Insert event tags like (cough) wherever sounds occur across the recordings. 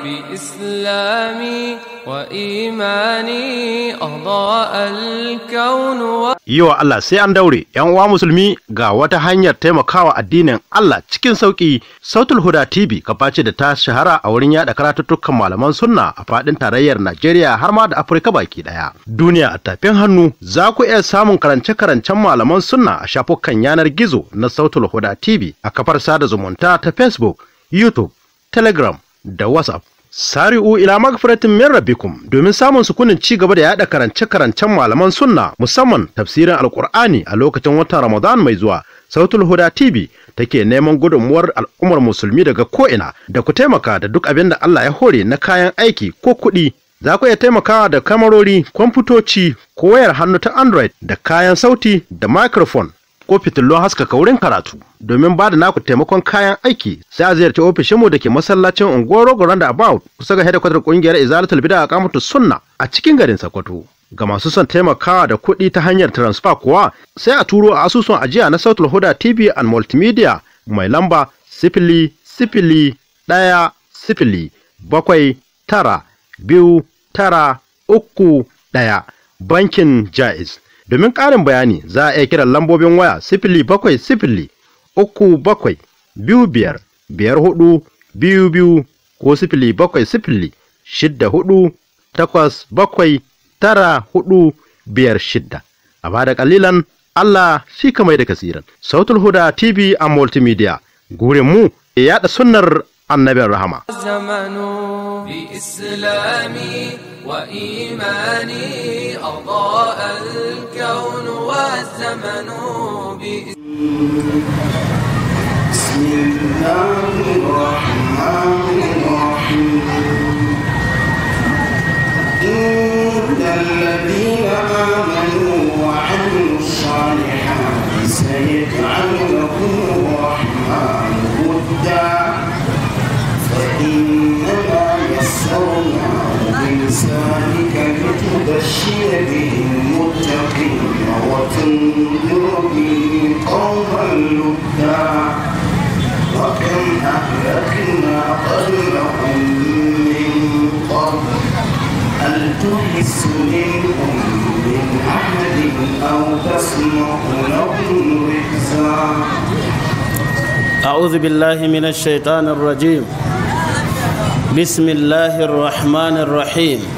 a وإيماني أضاء الكون و... yiwa Allah sai an daure yan uwa musulmi ga wata hanyar taimakawa addinin Allah cikin sauƙi. Sautul Huda TV kaface da ta shahara a wurin yada karatuttukan malaman sunna a fadin tarayyar Najeriya har ma da Afirka baki daya duniya a tafin hannu za ku iya samun karance karancen malaman sunna a shafukan yanar gizo na Sautul Huda TV a kafar sada zumunta ta Facebook YouTube Telegram da WhatsApp. Sari'u ila magfiratin min rabbikum domin samun sukunin ci gaba da yada karance-karancen malaman sunna musamman tafsirin alkur'ani a lokacin watan Ramadan mai zuwa. Sautul Huda TV take neman gudunmuwar al'ummar musulmi daga ko'ina da ku taimaka da duk abin da Allah ya hore na kayan aiki ko kuɗi. Za ku iya taimakawa da kamarori, kwamfutoci, ko wayar hannu ta Android da kayan sauti da microphone ko fitillon haskaka wurin karatu domin ba da naku taimakon kayan aiki sai a ziyarci ofishinmu da ke masallacin unguwar rogo da about kusa ga kwatar kungiyar izalatul bida a kamatu sunna a cikin garin sokoto ga masu son taimakawa da kuɗi ta hanyar transfer kuwa sai a turo a asusun ajiya na sautul huda tv and multimedia mai lamba sifili sifili ɗaya sifili bakwai tara biyu tara uku ɗaya bankin jaiz Domin ƙarin bayani za a iya kira lambobin waya sifili bakwai sifili uku bakwai biyu biyar biyar hudu biyu biyu ko sifili bakwai sifili shidda hudu takwas bakwai tara hudu biyar shidda. A bada kalilan Allah shi kamai da kasiran. Sautul Huda TV a Multimedia. Gurin mu ya yaɗa sunnar annabin rahama. وإيماني أضاء الكون والزمن بسم الله الرحمن الرحيم إن الذين آمنوا وعملوا الصالحات سيجعل لهم وتبشر به المتقين وتنذر به قوما لدا وكم أهلكنا قبلهم من قبل هل تحس منهم من أحد أو تسمع لهم رجزا أعوذ بالله من الشيطان الرجيم بسم الله الرحمن الرحيم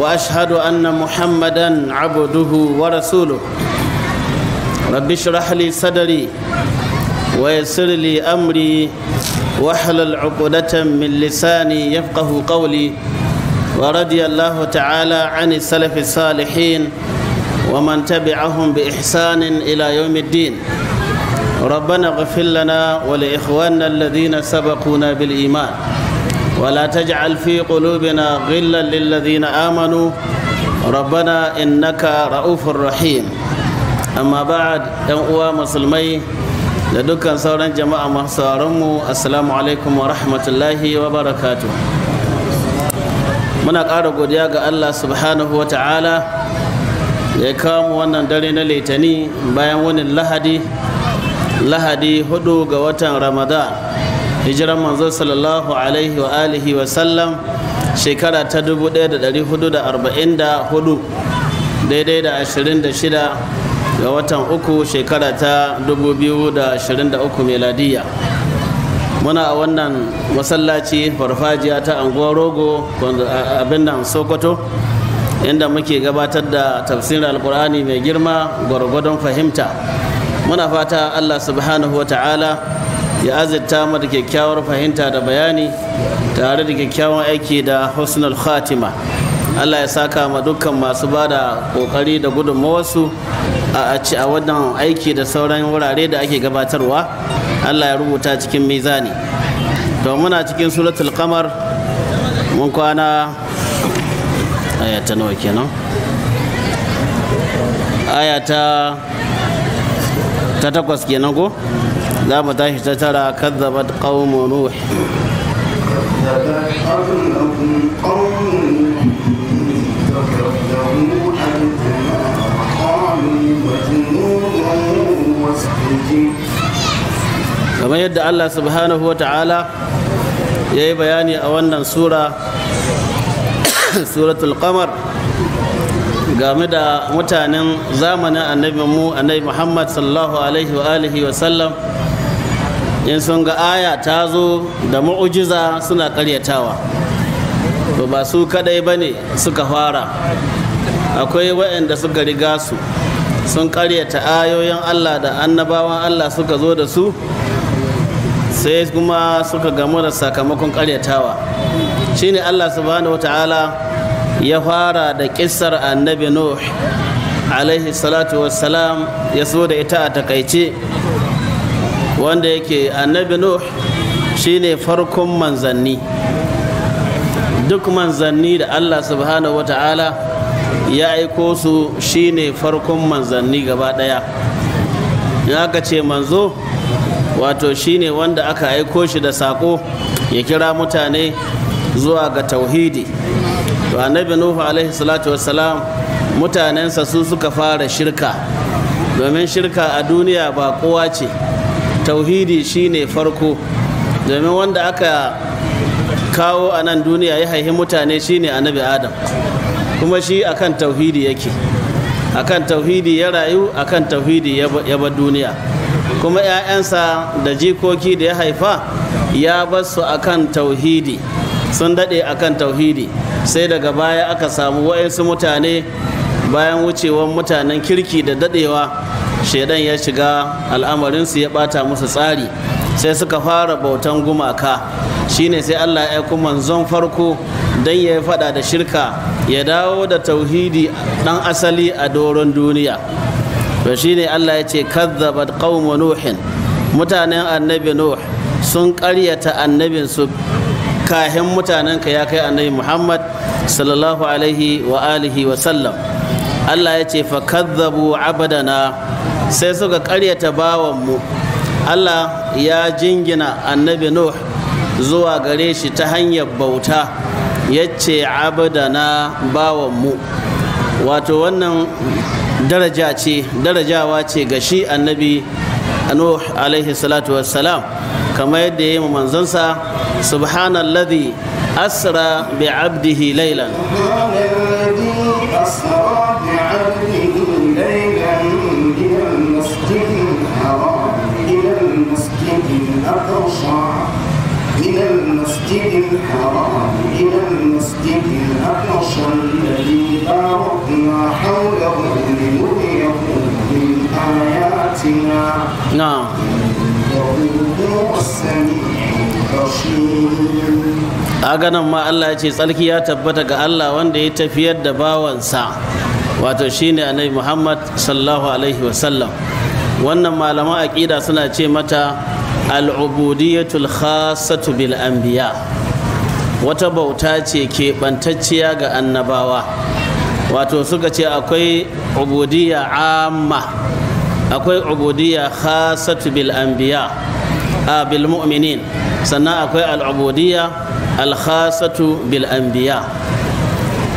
واشهد ان محمدا عبده ورسوله رب اشرح لي صدري ويسر لي امري واحلل عقدة من لساني يفقه قولي ورضي الله تعالى عن السلف الصالحين ومن تبعهم باحسان الى يوم الدين ربنا اغفر لنا ولاخواننا الذين سبقونا بالايمان ولا تجعل في قلوبنا غلا للذين آمنوا ربنا إنك رؤوف رحيم أما بعد أنقوى مسلمي لدكا صورا جماعة محصارمو السلام عليكم ورحمة الله وبركاته muna ƙara godiya ga Allah subhanahu wa ta'ala ya kawo wannan dare na litani bayan wani lahadi lahadi hudu ga watan ramadan hijiran manzo sallallahu alaihi wa alihi wa sallam shekara ta 1444 daidai da 26 ga watan uku shekara ta 2023 meladiya muna a wannan masallaci farfajiya ta anguwar rogo abin nan sokoto inda muke gabatar da tafsirin alkur'ani mai girma gwargwadon fahimta muna fata allah subhanahu wa ta'ala ya azurta mu da kyakkyawar fahimta da bayani tare da kyakkyawan aiki da husnul khatima Allah ya saka ma dukkan masu ba da kokari da gudunmawarsu a ci a wannan aiki da sauran wurare da ake gabatarwa Allah ya rubuta cikin mizani to muna cikin suratul kamar mun kwana aya nawa kenan aya ta takwas kenan ko za mu tashi ta tara kazzabat qaumu nuh kamar yadda Allah subhanahu wa ta'ala ya yi bayani a wannan sura (coughs) suratul qamar game da mutanen zamanin annabi mu annabi muhammad sallallahu alaihi wa alihi wa sallam in sun ga aya ta zo da mu'ujiza suna karyatawa to ba su kadai ba ne suka fara akwai waɗanda suka riga su sun karyata ayoyin allah da annabawan allah suka zo da su sai kuma suka gamu da sakamakon karyatawa shine allah subhanahu wata'ala ya fara da kissar annabi nuh alaihi salatu wassalam ya so da ita a takaice wanda yake annabi nuh shine farkon manzanni duk manzanni da allah subhanahu wa ta'ala ya aiko su shine farkon manzanni gaba daya in aka ce manzo wato shine wanda aka aiko shi da sako ya kira mutane zuwa ga tauhidi to annabi nuhu alaihi salatu wassalam mutanensa su suka fara shirka domin shirka a duniya ba kowa ce tauhidi shine farko domin wanda aka kawo a nan duniya ya haihi mutane shine annabi adam kuma shi akan tauhidi yake akan tauhidi ya rayu akan tauhidi ya ba duniya kuma 'ya'yansa da jikoki da ya haifa ya bar su akan tauhidi sun daɗe akan tauhidi sai daga baya aka samu wa'insu mutane bayan wucewar mutanen kirki da daɗewa shaidan ya shiga al'amarinsu ya bata musu tsari sai suka fara bautan gumaka shine sai Allah ya aiko manzon farko dan ya fada da shirka ya dawo da tauhidi dan asali a doron duniya to shine Allah ya ce kazzabat qaumu nuhin mutanen annabi nuh sun karyata annabin su kahin mutanen ka ya kai annabi Muhammad sallallahu alaihi wa alihi wa sallam Allah ya ce fa kazzabu abadana sai suka karyata bawanmu Allah ya jingina annabi Nuh zuwa gare shi ta hanyar bauta ya ce bawan bawanmu wato wannan daraja ce darajawa ce ga shi annabi Nuh alaihi salatu wassalam kamar yadda ya yi manzansa subhanalladhi asra bi abdihi laylan a aganan ma Allah ya ce tsarki ya tabbata ga Allah wanda ya tafiyar da bawansa wato shine annabi Muhammad sallallahu alaihi wasallam wannan malaman aƙida suna ce mata al'ubudiyatul khassatu bil anbiya wata bauta ce keɓantacciya ga annabawa wato suka ce akwai ubudiyya amma akwai ubudiyya khasatu bil anbiya a bil mu'minin sannan akwai al'ubudiyya al khasatu bil anbiya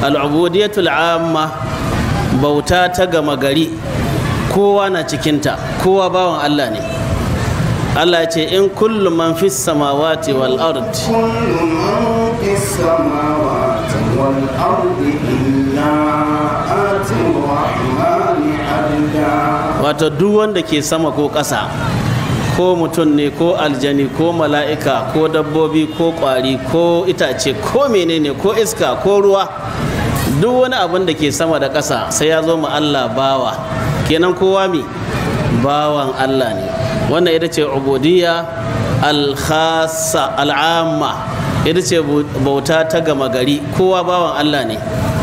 al'ubudiyatul amma bauta ta gama gari kowa na cikinta kowa bawan Allah ne Allah ce in kullu man fis samawati wal ard kullu man fis samawati wal ard illa atir wato duk wanda ke sama ko ƙasa ko mutum ne ko aljani ko mala'ika ko dabbobi ko ƙwari ko itace ko menene ko iska ko ruwa duk wani abin da ke sama da ƙasa sai ya zo mu Allah bawa kenan kowa mi bawan Allah ne wannan ita ce ubudiyya alkhasa al'amma ita ce bauta ta gama gari kowa bawan Allah ne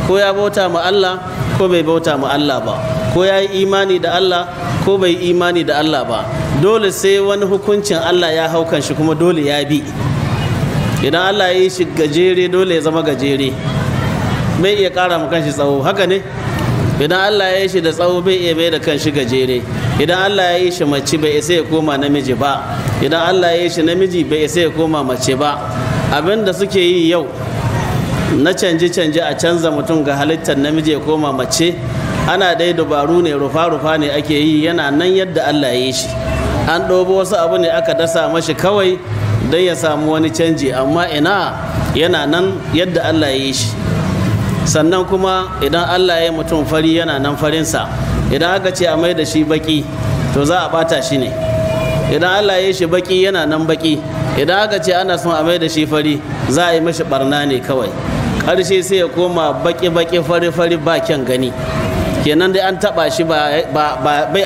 ko ya bauta ma Allah ko bai bauta ma Allah ba ko ya yi imani da Allah ko bai imani da Allah ba dole sai wani hukuncin Allah ya hau shi kuma dole ya bi idan Allah ya yi shi gajere dole ya zama gajere bai iya kara ma kanshi tsawo haka ne idan Allah ya yi shi da tsawo bai iya mai da kanshi gajere idan Allah ya yi shi mace bai isa ya koma namiji ba idan Allah ya yi shi namiji bai isa ya koma mace ba abin da suke yi yau na canje-canje a canza mutum ga halittar namiji ya koma mace ana dai dabaru ne rufa-rufa ne ake yi yana nan yadda Allah ya yi shi an ɗobo wasu abu ne aka dasa mashi kawai don ya samu wani canji amma ina yana nan yadda Allah ya yi shi sannan kuma idan Allah ya yi mutum fari yana nan farinsa idan aka ce a mai da shi baki to za a bata shi ne idan Allah ya yi shi baki yana nan baki idan aka ce ana son a mai da shi fari za a yi mashi barna ne kawai ƙarshe sai ya koma baki-baki fari-fari bakin gani kenan dai an taba shi bai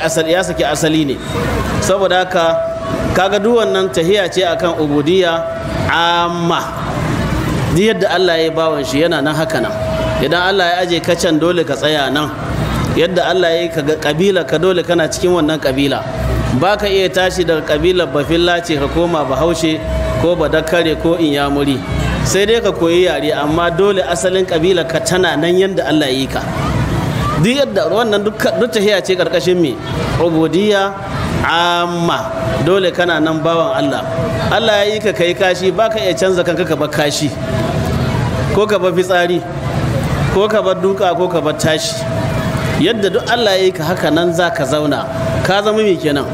asali ya saki asali ne saboda haka kaga duk wannan tahiya ce akan ubudiyya amma duk yadda Allah ya bawan shi yana nan haka nan idan Allah ya aje kacan can dole ka tsaya nan yadda Allah ya yi ka kabila ka dole kana cikin wannan kabila ba ka iya tashi daga kabilar bafilla ce ka koma bahaushe ko badakare ko inyamuri sai dai ka koyi yare amma dole asalin kabila ka tana nan yadda Allah ya yi ka duk yadda wannan duk tahiya ce karkashin mi ubudiyya amma dole kana nan bawan Allah Allah ya yi ka kai kashi baka iya canza kanka ka bar kashi ko ka bar fitsari ko ka bar duka ko ka bar tashi yadda duk Allah ya yi ka haka nan za ka zauna ka zama mi kenan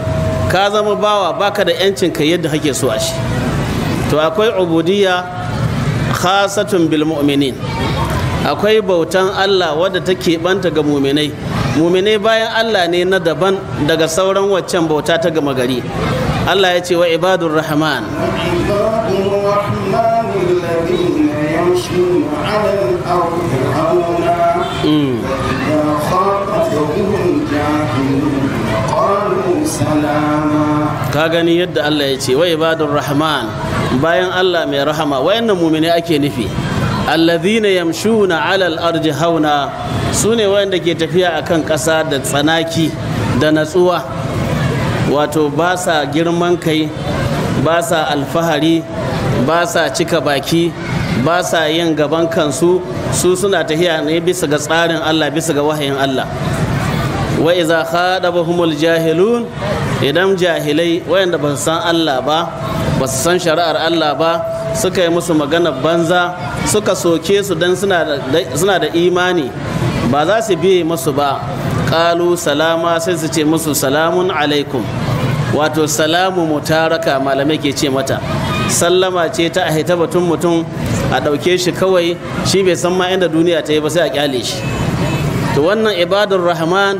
ka zama bawa baka da yancin ka yadda kake so a shi to akwai ubudiyya khasatun bil mu'minin akwai bautan Allah wadda ta keɓanta ga muminai muminai bayan Allah ne na daban daga sauran waccan bauta ta gama gari Allah ya ce wa ibadun rahman mm. ka gani yadda Allah ya ce wa ibadun rahman bayan Allah mai rahama wayannan muminai ake nufi alladhina yamshuna alal arji hauna sune wayanda ke tafiya akan ƙasa da tsanaki da natsuwa wato ba sa girman kai ba sa alfahari ba sa cika baki ba sa yin gaban kansu su suna tafiya ne bisa ga tsarin Allah bisa ga wahayin Allah wa iza khadabahumul jahilun idan jahilai wayanda ba san Allah ba ba su san shari'ar Allah ba suka yi musu magana banza suka soke su don suna da imani ba za su biye masu ba Kalu salama sai su ce musu salamun alaikum wato salamu mutaraka malamai ke ce mata sallama ce ta a batun mutum a ɗauke shi kawai shi bai san ma inda duniya ta yi ba sai a kyale shi to wannan ibadar rahman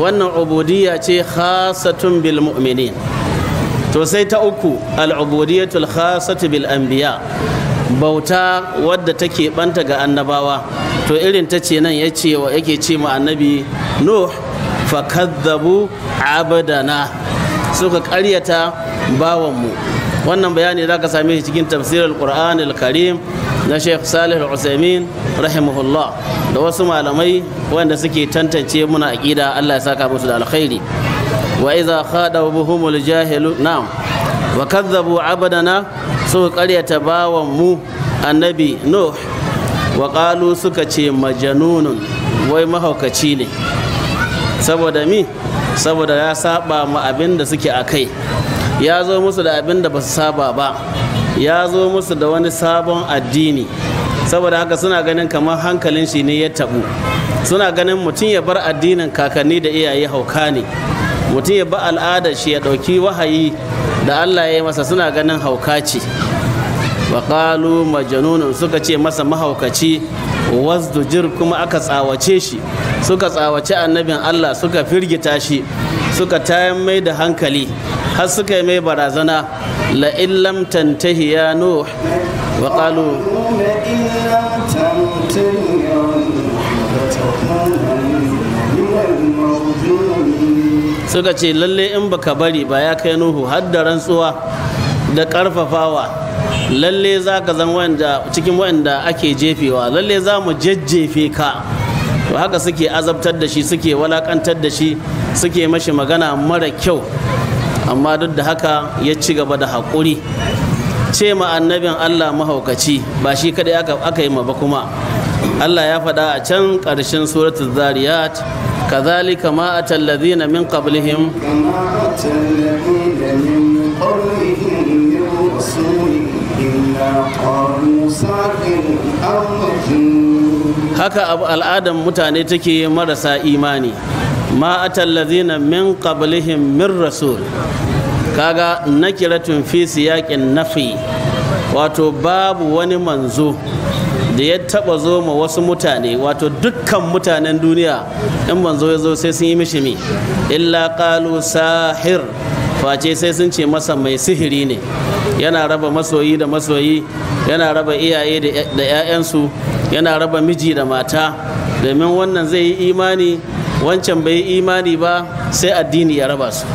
wannan ubudiyya ce khasatun bil mu'minin to sai ta uku al-ubudiyatul khasatu bil anbiya bauta wadda take banta ga annabawa to irin ta ce nan yace wa yake ce ma annabi nuh fakadzabu abadana suka karyata bawanmu wannan bayani za ka same shi cikin tafsirar qur'an al-karim na sheikh salih al-usaimin rahimahullah da wasu malamai wanda suke tantance muna aqida Allah ya saka musu da alkhairi wa idza khadabuhumul jahilu na'am wa kadzabu abadana su karyata bawan mu annabi nuh waƙalu suka ce majanunun wai mahaukaci ne saboda mi saboda ya saba ma abin da suke a kai ya zo musu da abin da ba su saba ba ya zo musu da wani sabon addini saboda haka suna ganin kamar hankalin shi ne ya tabu suna ganin mutum ya bar addinin kakanni da iyaye hauka ne mutum ya ba al'adar shi ya ɗauki wahayi da Allah ya yi masa suna ganin hauka ce waƙalu suka ce masa mahaukaci jir kuma aka tsawace shi suka tsawace annabin Allah suka firgita shi suka tayan mai da hankali har suka yi mai barazana la'illam tantahi ya nuh waƙalu suka ce lalle in baka bari ba ya kai nuhu har da rantsuwa da karfafawa lalle za ka zan wanda cikin wanda ake jefewa lalle za mu jajjefe ka to haka suke azabtar da shi suke walakantar da shi suke mashi magana mara kyau amma duk da haka ya ci gaba da haƙuri ce ma annabin Allah mahaukaci ba shi kada aka yi ma ba kuma Allah ya faɗa a can ƙarshen suratul zariyat كذلك a أتى الذين من قبلهم كما أتى الذين من قبلهم من رسول إلا قالوا ساحر أو haka al'adan mutane take marasa imani ma atallazina min qablihim min rasul kaga nakiratun fi siyaqin nafi wato babu wani manzo da ya taba zo ma wasu mutane wato dukkan mutanen duniya in banzo ya zo sai sun yi mishi mi illa qalu sahir face sai sun ce masa mai sihiri ne yana raba masoyi da masoyi yana raba iyaye da 'ya'yansu yana raba miji da mata domin wannan zai yi imani wancan bai yi imani ba sai addini ya raba su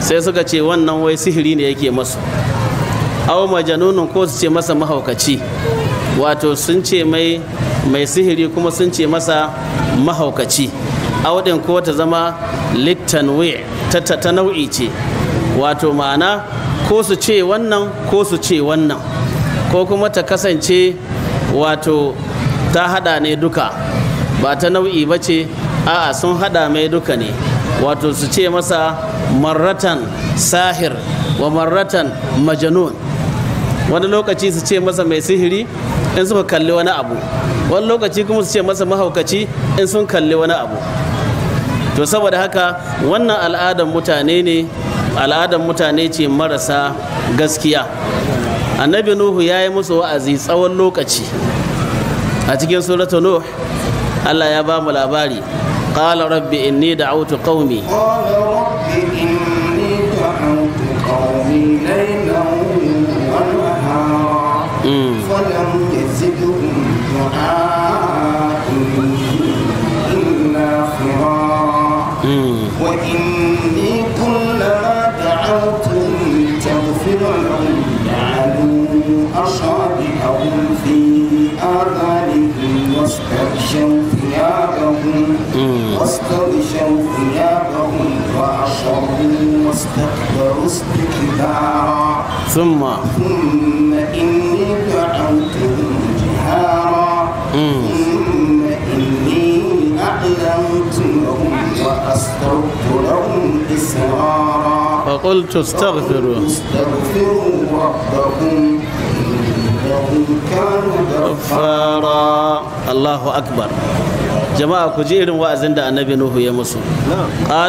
sai suka ce wannan wai sihiri ne yake masu au majanunin ko su ce masa mahaukaci wato sun ce mai mai sihiri kuma sun ce masa mahaukaci auɗin ko ta zama littanwe ta nau'i ce wato ma'ana ko su ce wannan ko su ce wannan ko kuma ta kasance wato ta hada ne duka ba ta nau'i ba ce a'a sun hada mai duka ne wato su ce masa marratan sahir wa marratan majanun wani lokaci su ce masa mai sihiri in suka kalli wani abu wani lokaci kuma su ce masa mahaukaci in sun kalli wani abu to saboda haka wannan al'adar mutane ne al'adan mutane ce marasa gaskiya annabi nuhu ya yi musu wa'azi tsawon lokaci a cikin suratu nuh Allah ya ba mu labari qala rabbi inni da'awtu qaumi إدبارا ثم ثم إني دعوتهم جهارا ثم إني أعلمت لهم وأسررت لهم إسرارا فقلت استغفروا استغفروا ربكم إنهم كانوا غفارا الله أكبر jama'a ku ji irin wa'azin da annabi nuhu ya musu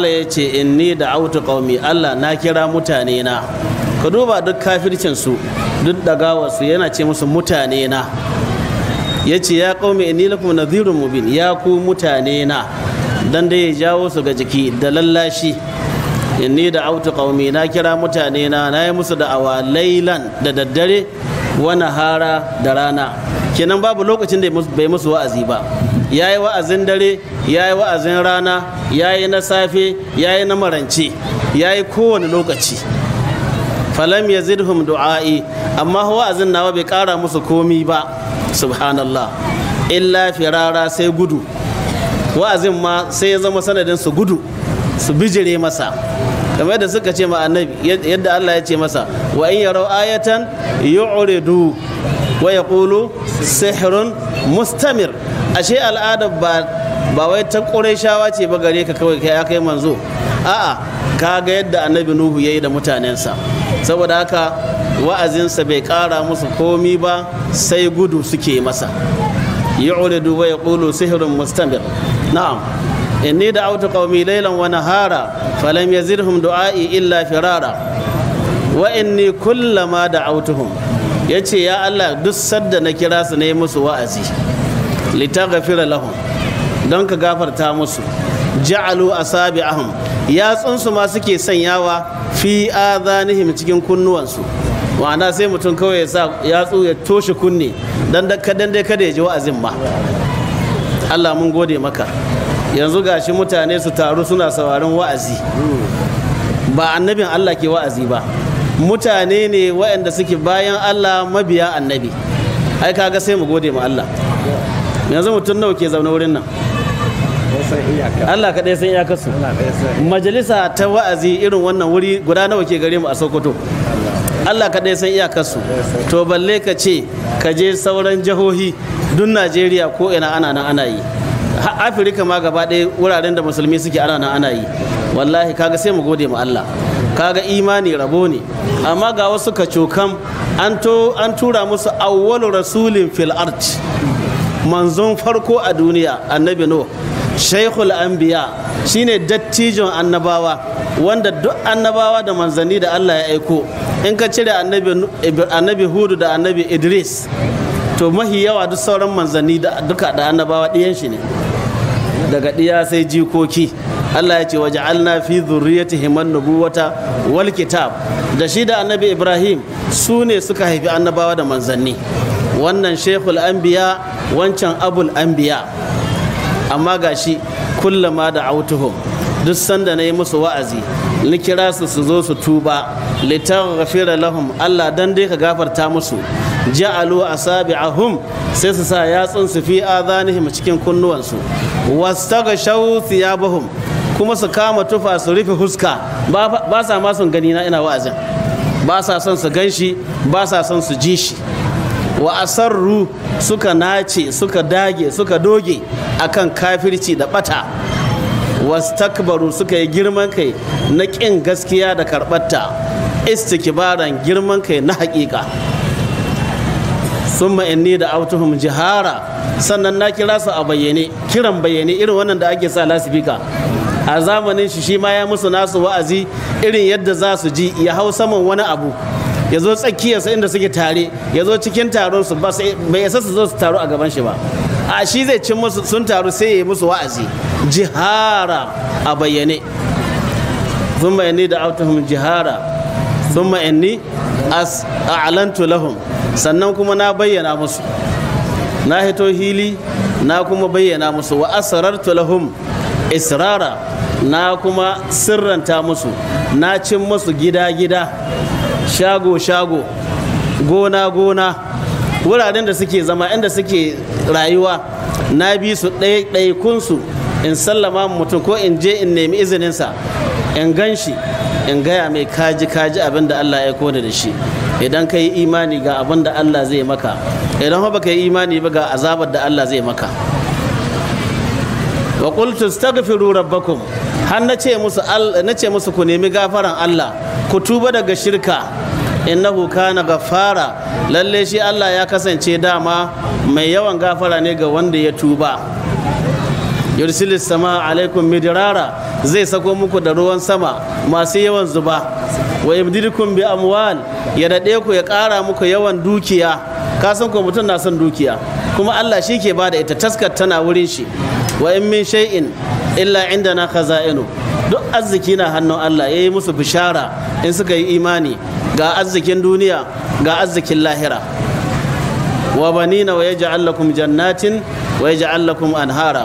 ya ce in ni da auta ƙaumi Allah na kira mutane na ka duba duk kafircin su duk dagawarsu yana ce musu mutane na ce ya qaumi inni lakum nadhirun mubin ya ku mutane na dan dai ya jawo su ga jiki da lallashi In ni da autu ƙaumi na kira mutane na na yi musu da'awa lailan da daddare wa hara da rana kenan babu lokacin da bai musu wa'azi ba ya yi wa'azin dare ya yi wa'azin rana ya yi na safe ya yi na marance ya yi kowane lokaci falam ya zidhum du'a'i amma wa'azin nawa bai kara musu komi ba subhanallah illa firara sai gudu wa'azin ma sai ya zama sanadin su gudu su bijire masa kamar da suka ce ma annabi yadda Allah ya ce masa wa in yarau ayatan yu'ridu wa yaqulu sihrun mustamir ashe al'ada ba wai ta shawa ce ba gare ka kawai ya kai manzo a'a ka ga yadda annabi nuhu ya yi da mutanensa saboda haka wa'azinsa bai kara musu komi ba sai gudu suke masa yu'ridu wa yaqulu sihrun mustamir na'am inni da'awtu qaumi laylan wa nahara falam yazirhum du'a'i illa firara wa inni kullama da'awtuhum yace ya Allah duk sadda na kira su ne musu wa'azi litaghfira lahum don ka gafarta musu ja'alu asabi'ahum yatsunsu ma suke sanyawa fi adanihim cikin kunnuwansu ma'ana sai mutum kawai ya yatsu ya toshe kunne dan dai kada ya ji wa'azin ma Allah mun gode maka yanzu gashi mutane su taru suna sauraron wa'azi ba annabin Allah ke wa'azi ba mutane ne waɗanda suke bayan Allah mabiya annabi ai kaga sai mu gode ma Allah yanzu mutum nawa ke zaune wurin nan Allah kaɗai san iyakarsu majalisa ta wa'azi irin wannan wuri guda nawa ke gare mu a Sokoto Allah kaɗai san iyakarsu to balle ka ce ka je sauran jihohi dun Najeriya ko ina ana nan ana yi Afirka ma gaba ɗaya wuraren da musulmi suke ana nan ana yi wallahi kaga sai mu gode ma Allah kaga imani rabo ne amma ga wasu kacokan an tura musu awwalu rasulin fil art manzon farko a duniya annabi no shaikhul anbiya shine dattijon annabawa wanda duk annabawa da manzanni da Allah ya aiko in ka cire annabi hudu da annabi idris to mahi yawa duk sauran manzanni duka da annabawa ɗiyan shi ne daga ɗiya sai jikoki Allah ya ce waje alna fi zurriyati himan nubuwata wal kitab da shi da annabi ibrahim su ne suka haifi annabawa da manzanni wannan shekul anbiya wancan abul biya amma gashi kullama da autuhum duk sanda na yi musu wa'azi ni kira su su zo su tuba litaghfira lahum Allah dan dai ka gafarta musu ja'alu asabi'ahum sai su sa yatsun su fi adanihim cikin kunnuwansu wastaghshaw thiyabahum kuma su kama tufa su rufe huska ba sa ma sun gani na ina wa'azin ba sa son su gan shi ba sa son su ji shi wa asarru suka nace suka dage suka doge akan kafirci da bata wastakbaru suka yi girman kai na ƙin gaskiya da karɓarta istikibaran girman kai na haƙiƙa sun inni da autuhum jihara sannan na kira su a bayyane kiran bayyane irin wannan da ake sa lasifika a zamanin shi shi ma ya musu nasu wa'azi irin yadda za su ji ya hau saman wani abu ya zo sai inda suke tare ya zo cikin taron su ba bai yasa su zo su taru a gaban shi ba a shi zai cin musu sun taru sai ya yi musu wa'azi jihara a bayyane sun bayyane da autahum jihara sun a a'lantu lahum sannan kuma na bayyana musu na hito hili na kuma bayyana musu wa asrartu lahum israra na kuma sirranta musu na cin musu gida-gida shago-shago gona-gona wuraren da suke zama inda suke rayuwa na bi su ɗaikunsu in sallama mutum ko in je in nemi izininsa in gan shi in gaya mai kaji kaji abin da Allah ya kone da shi idan ka yi imani ga abin da Allah zai maka idan ba ka yi imani ba ga azabar da Allah zai maka wa qultu astaghfiru rabbakum har na ce musu ku nemi gafaran Allah ku tuba daga shirka innahu kana gafara lalle shi Allah ya kasance dama mai yawan gafara ne ga wanda ya tuba yursilis sama alaikum midrara zai sako muku da ruwan sama masu yawan zuba wa yabdidukum bi amwal ya dade ku ya kara muku yawan dukiya ka san ko mutum na son dukiya kuma Allah shi ke bada ita taskar tana wurin shi wa in min shay'in illa indana khaza'inu duk arziki na hannun Allah ya yi musu bishara in suka yi imani ga arzikin duniya ga arzikin lahira wa banina wa yaj'al lakum jannatin wa yaj'al lakum anhara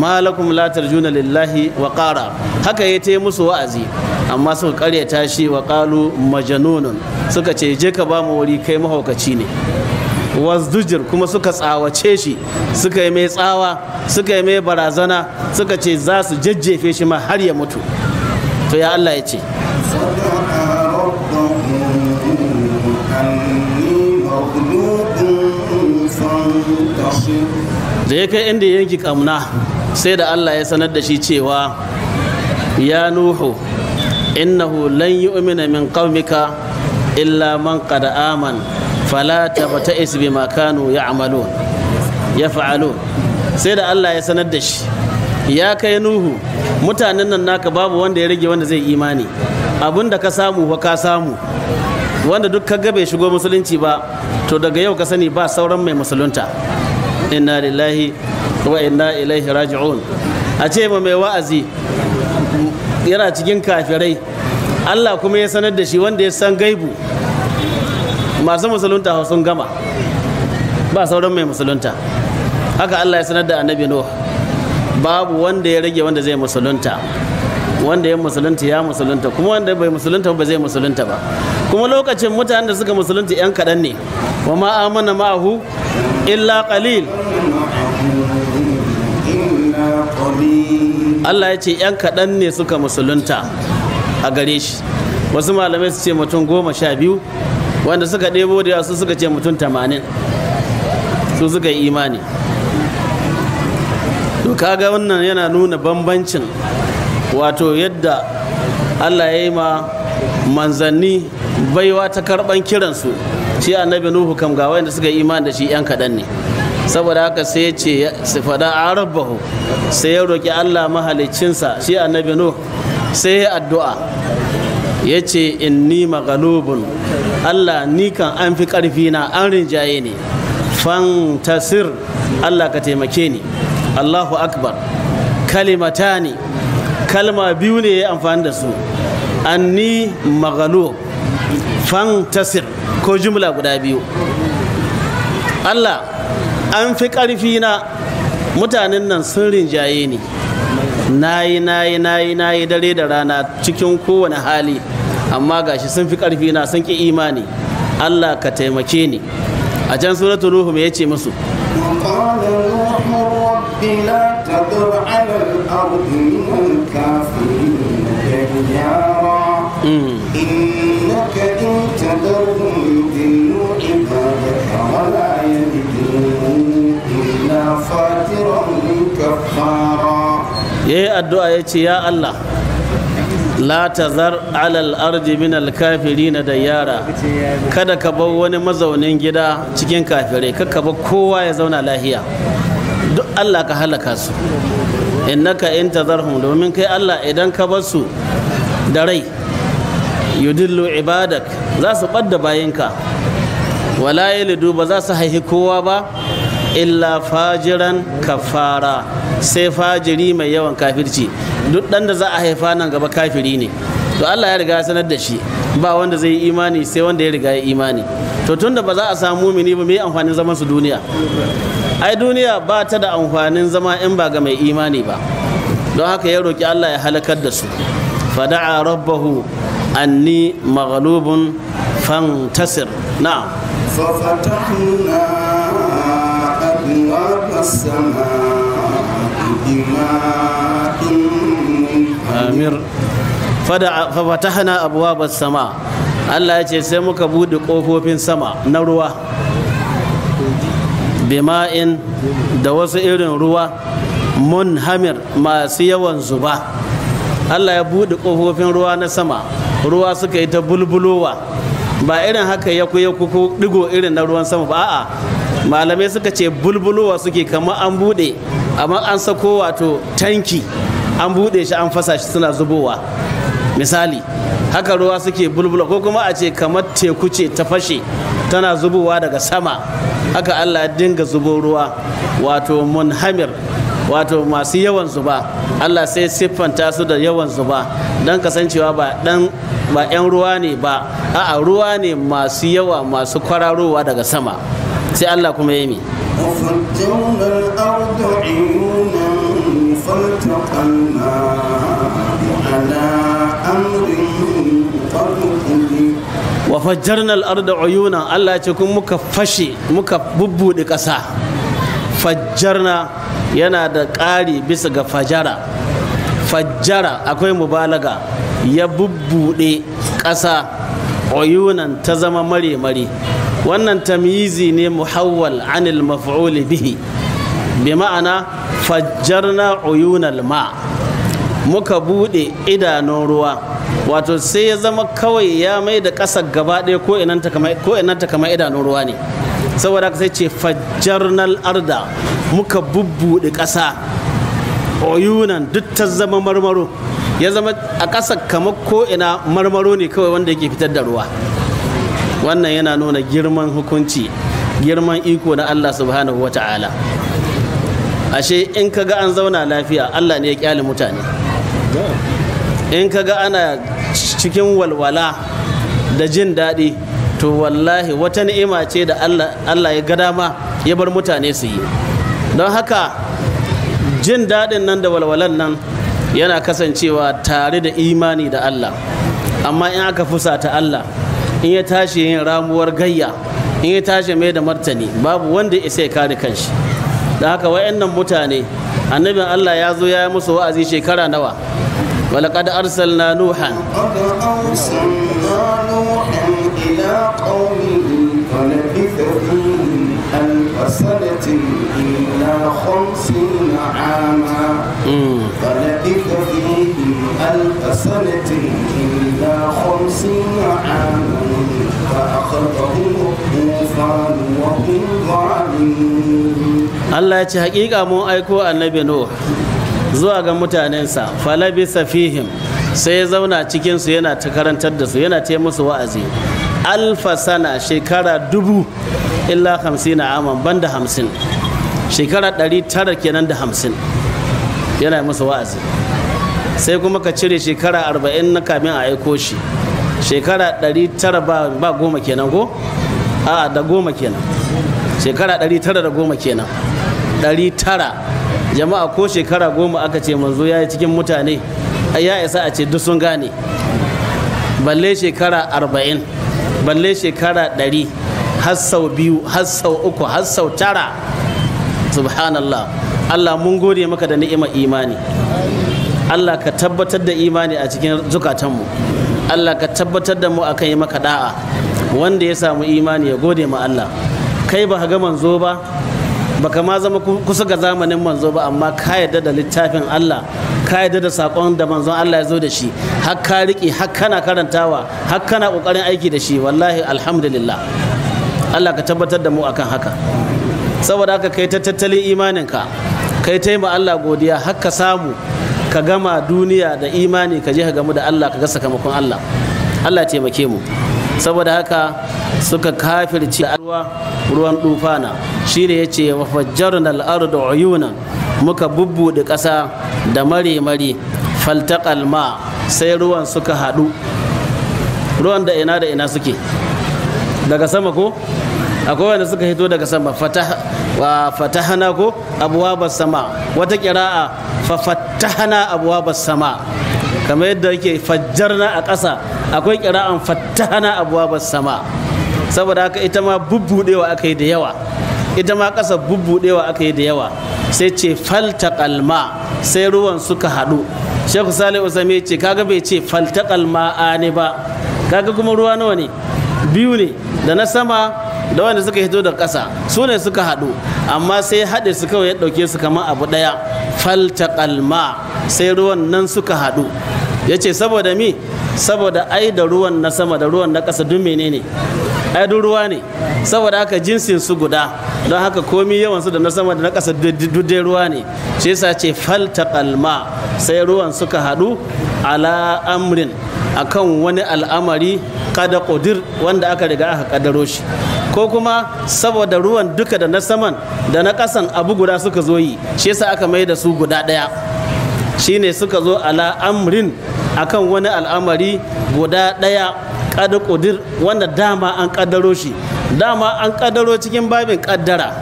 ma lakum la tarjuna lillahi wa qara haka ya ta musu wa'azi amma suka karya tashi wa qalu majnunun suka ce je ka bamu wuri kai mahaukaci ne wazdujir kuma suka tsawace shi suka yi mai tsawa suka yi mai barazana suka ce za su jajjefe shi ma har ya mutu to ya Allah ya ce da ya kai inda yanki kamuna sai da Allah ya sanar da shi cewa ya nuhu innahu lan yu'mina min qaumika illa man qad aman fala tabta'is bima kanu ya'malun yaf'alun sai da Allah ya sanar da shi ya kai nuhu mutanen nan naka babu wanda ya rage wanda zai imani abinda ka samu wa ka samu wanda duk ka ga bai shigo musulunci ba to daga yau ka sani ba sauran mai musulunta inna lillahi wa inna ilaihi raji'un a ce ma mai wa'azi yana cikin kafirai Allah kuma ya sanar da shi wanda ya san gaibu masu musulunta sun gama ba sauran mai musulunta haka Allah ya sanar da annabi Nuh babu wanda ya rage wanda zai musulunta wanda ya musulunta ya musulunta kuma wanda bai musulunta ba zai musulunta ba kuma lokacin mutanen da suka musulunta yan kaɗan ne wa ma amana ma'ahu illa qalil Allah ya ce 'yan kaɗan ne suka musulunta a gare shi wasu malamai su ce mutum goma sha biyu wanda suka ɗebo da su suka ce mutum tamanin su suka yi imani Duka ga wannan yana nuna bambancin wato yadda Allah ya yi ma manzanni baiwa ta karɓan kiransu shi annabi nuhu kam ga wanda suka yi imani da shi yan kaɗan ne saboda haka sai ya ce su faɗa arabahu sai ya roƙi allah mahalicinsa shi annabi nuhu sai ya addu'a ya ce ni maghalubun allah ni kan an fi ƙarfi na an rinjaye ne fantasir allah ka taimake ni allahu akbar kalimata ne kalma biyu ne ya amfani da su An ni maghalub fantasir ko jumla guda biyu Allah an fi na mutanen nan sun rinjaye ni nayi nayi nayi nayi dare da rana cikin kowane hali amma gashi sun fi na sun ki imani Allah ka taimake ni a can suratu ruhu me yace musu qala yayi addu'a ya ce 'Ya Allah! La ta zar alal arji min na da yara kada ka bar wani mazaunin gida cikin kafirai ka bar kowa ya zauna lahiya duk Allah ka halaka su innaka in tazarhum domin kai Allah idan ka bar su da rai yudillu ibadak za su ɓadda bayinka wala yalidu ba za su haihi kowa ba illa fajiran kafara sai fajiri mai yawan kafirci duk ɗan da za a haifa nan gaba kafiri ne to Allah ya riga ya sanar da shi ba wanda zai yi imani sai wanda ya riga ya imani to tunda ba za a samu mini ba mai amfanin zaman su duniya ai duniya ba ta da amfanin zama in ba ga mai imani ba don haka ya roki Allah ya halakar da su fada'a rabbahu anni maghlubun fantasir na'am ففتحنا أبواب السماء بماء آمير ففتحنا أبواب السماء Allah ya sai muka buɗe ƙofofin sama na ruwa bima'in da wasu irin ruwa munhamir masu yawan zuba Allah ya buɗe ƙofofin ruwa na sama ruwa suka yi ta bulbulowa ba irin haka ya kuya ko digo irin na ruwan sama ba a'a malamai suka ce bulbulowa suke kamar an bude amma an sako wato tanki an bude shi an fasa shi suna zubowa misali haka ruwa suke bulbula ko kuma a ce kamar teku ce ta fashe tana zubowa daga sama haka allah dinga zubo ruwa wato munhamir wato masu yawan zuba Allah sai siffanta su da yawan zuba don kasancewa ba dan ba 'yan ruwa ne ba a'a ruwa ne masu yawa masu kwararowa daga sama sai Allah kuma ya yi wa fajjarna al'arda uyunan Allah ce kun muka fashe muka bubbuɗe ƙasa fajjarna yana da ƙari bisa ga fajara fajara akwai mubalaga ya bubbuɗe ƙasa oyunan ta zama mare-mare wannan tamyizi ne muhawwal anil maf'uli bihi bi ma'ana fajjarna uyunal ma muka buɗe idanun ruwa wato sai ya zama kawai ya mai da ƙasar gaba ɗaya ko inanta kama idanun ruwa ne saboda ka sai ce fajjarnal arda muka bubbuɗe ƙasa oyunan duk ta zama marmaro ya zama a ƙasa kamar ko'ina marmaro ne kawai wanda yake fitar da ruwa wannan yana nuna girman hukunci girman iko na Allah subhanahu wata'ala ashe in ka ga an zauna lafiya Allah ne ya kyale mutane in ka ga ana cikin walwala da jin daɗi to wallahi wata ni'ima ce da Allah ya ga dama ya bar mutane su yi don haka jin daɗin nan da walwalan nan yana kasancewa tare da imani da Allah amma in aka fusata Allah in ya tashi yin ramuwar gayya in ya tashi mai da martani babu wanda isa ya kare kanshi da haka wayannan mutane annabin Allah ya zo ya yi musu wa'azi shekara nawa walaqad arsalna nuhan إلى ya فلبث فيهم ألف سنة إلا خمسين عاما فلبث فيهم ألف سنة إلا خمسين عاما فأخذهم الطوفان وهم ظالمون الله أمو أيكو النبي نوح zuwa ga mutanensa falabi safihim sai ya zauna cikinsu yana ta karantar da su yana ta musu wa'azi alfa sana shekara dubu illa hamsin na aman da hamsin shekara ɗari tara kenan da hamsin yana musu wa'azi sai kuma ka cire shekara arba'in na kamin a aiko shi shekara ɗari tara ba goma kenan ko a da goma kenan shekara ɗari tara da goma kenan ɗari tara jama'a ko shekara goma aka ce manzo ya yi cikin mutane ya isa a ce duk sun gane balle shekara arba'in balle shekara ɗari har sau biyu har sau uku har sau tara subhanallah Allah mun gode maka da ni'imar imani Allah ka tabbatar da imani a cikin zukatanmu Allah ka tabbatar da mu akan yi maka da'a wanda ya samu imani ya gode ma Allah kai ba ga manzo ba baka ma zama kusa ga zamanin manzo ba amma ka yarda da littafin Allah ka yarda da sakon da manzon Allah ya zo da shi har ka riƙe har kana karantawa har kana ƙoƙarin aiki da shi wallahi alhamdulillah Allah ka tabbatar da mu akan haka saboda haka kai ta tattalin imaninka kai ta yi ma Allah godiya har ka samu ka gama duniya da imani ka je ka gamu da Allah ka ga sakamakon Allah Allah taimake mu saboda haka suka kafirci ruwan dufana ya yace wa fajjarna ardu uyunan muka bubbuɗe ƙasa da mare-mare faltaƙal ma sai ruwan suka haɗu ruwan da ina da ina suke daga sama ko akwai wanda suka hito daga sama fatahana ko abuwa sama wata kira'a fafatahana fatahana abuwa sama kamar yadda yake fajjarna a ƙasa akwai kira'an fatahana abuwa sama saboda haka ita ma bubbudewa aka yi da yawa ita ma ƙasa bubbudewa aka yi da yawa sai ce faltaƙalma sai ruwan suka haɗu shekhu Salih Usami ce kaga bai ce a ne ba kaga kuma ruwa nawa ne biyu ne da na sama da wanda suka hito da ƙasa su ne suka haɗu amma sai haɗe su kawai ya ɗauke su kamar abu ɗaya faltaƙal sai ruwan nan suka haɗu ya ce saboda mi saboda ai da ruwan na sama da ruwan na ƙasa duk menene ai ruwa ne saboda haka jinsin su guda don haka komi yawan su da na sama da na ƙasa dudde ruwa ne shi yasa ce faltaqal ma sai ruwan suka haɗu ala amrin akan wani al'amari kada ƙudir wanda aka riga aka kaddaro shi ko kuma saboda ruwan duka da na saman da na ƙasan abu guda suka zo yi shi yasa aka mai da su guda ɗaya shine suka zo ala amrin akan wani al'amari guda ɗaya Kada qudir wanda dama an kaddaro shi dama an kaddaro cikin babin kaddara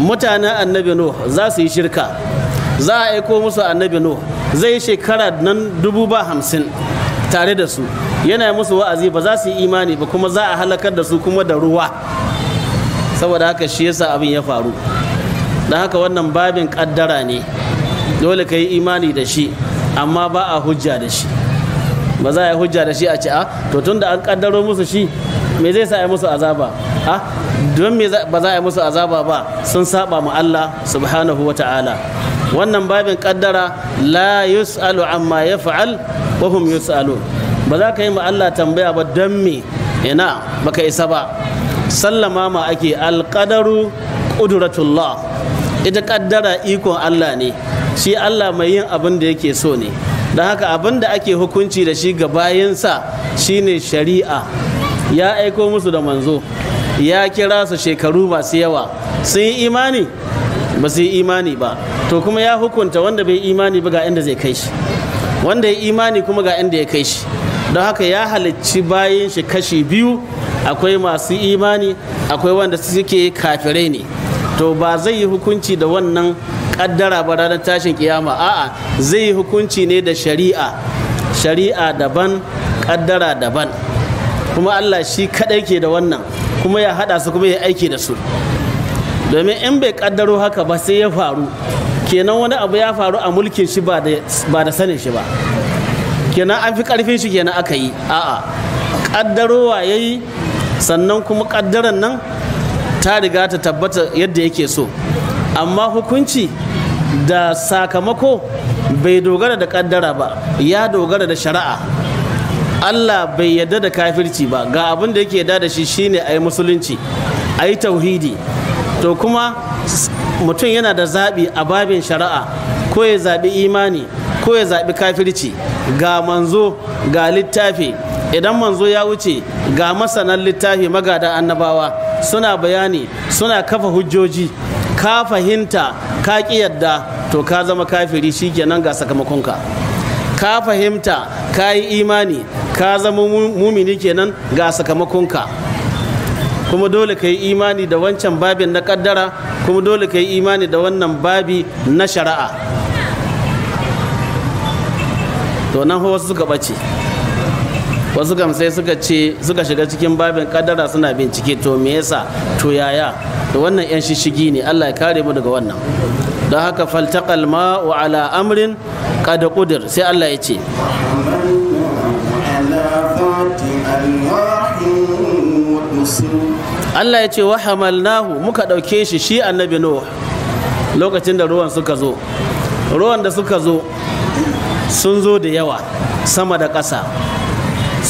mutanen annabi nuh za su yi shirka za a aiko musu annabi nuh zai yi shekara nan dubu ba hamsin tare da su yana musu wa'azi ba za su yi imani ba kuma za a halakar da su kuma da ruwa saboda haka shi yasa abin ya faru don haka wannan babin kaddara ne dole ka yi imani da shi amma ba a hujja da shi ba za a yi hujja da shi a ci a ah, to tun da an kaddaro musu shi me zai sa a yi musu azaba a ah, don me ba za a yi musu azaba ba sun saba mu Allah subhanahu wa ta'ala wannan babin kaddara la yus'alu amma yaf'al wa hum yus'alun ba za ka yi ma Allah tambaya ba don me ina baka isa ba sallama ma ake alƙadaru ƙuduratullah ita ƙaddara ikon Allah ne shi Allah mai yin abin da yake so ne don haka abin da ake hukunci da shi ga bayansa shine shari'a ya aiko musu da manzo ya kira su shekaru masu yawa sun yi imani ba su yi imani ba to kuma ya hukunta wanda bai imani ba ga inda zai kai shi wanda ya imani kuma ga inda ya kai shi don haka ya halicci bayan shi kashi biyu akwai masu imani akwai wanda suke kafirai ne to ba zai yi hukunci da wannan kaddara ba ranar tashin kiyama a'a zai yi hukunci ne da shari'a shari'a daban kaddara daban kuma Allah shi kadai ke da wannan kuma ya hada su kuma ya aiki da su domin in bai kaddaro haka ba sai ya faru kenan wani abu ya faru a mulkin shi ba da sanin shi ba kenan an fi karfin shi kenan aka yi a'a kaddarowa ya yi sannan kuma kaddaran nan ta riga ta tabbata yadda yake so amma hukunci da sakamako bai dogara da kaddara ba ya dogara da shari'a Allah bai yadda da kafirci ba ga abin da yake yadda da shi shine a yi musulunci a yi tauhidi to kuma mutum yana da zaɓi a babin shari'a ko ya zaɓi imani ko ya zaɓi kafirci ga manzo ga littafi idan manzo ya wuce ga masanan littafi magada annabawa suna bayani suna kafa hujjoji ka fahimta ka ƙi yadda to ka zama kafiri shikenan ga sakamakonka ka fahimta ka yi imani ka zama mumini kenan ga sakamakonka kuma dole ka yi imani da wancan babin na kaddara kuma dole ka yi imani da wannan babi na shari'a to nan wasu suka ɓace wasu kam sai suka ce suka shiga cikin babin kadara suna bincike to me yasa to yaya to wannan yan shishigi ne Allah ya kare mu daga wannan don haka faltaqal ma'u ala amrin qad qudir sai Allah ya ce Allah ya ce wa hamalnahu muka ɗauke shi shi annabi Nuh lokacin da ruwan suka zo ruwan da suka zo sun zo da yawa sama da ƙasa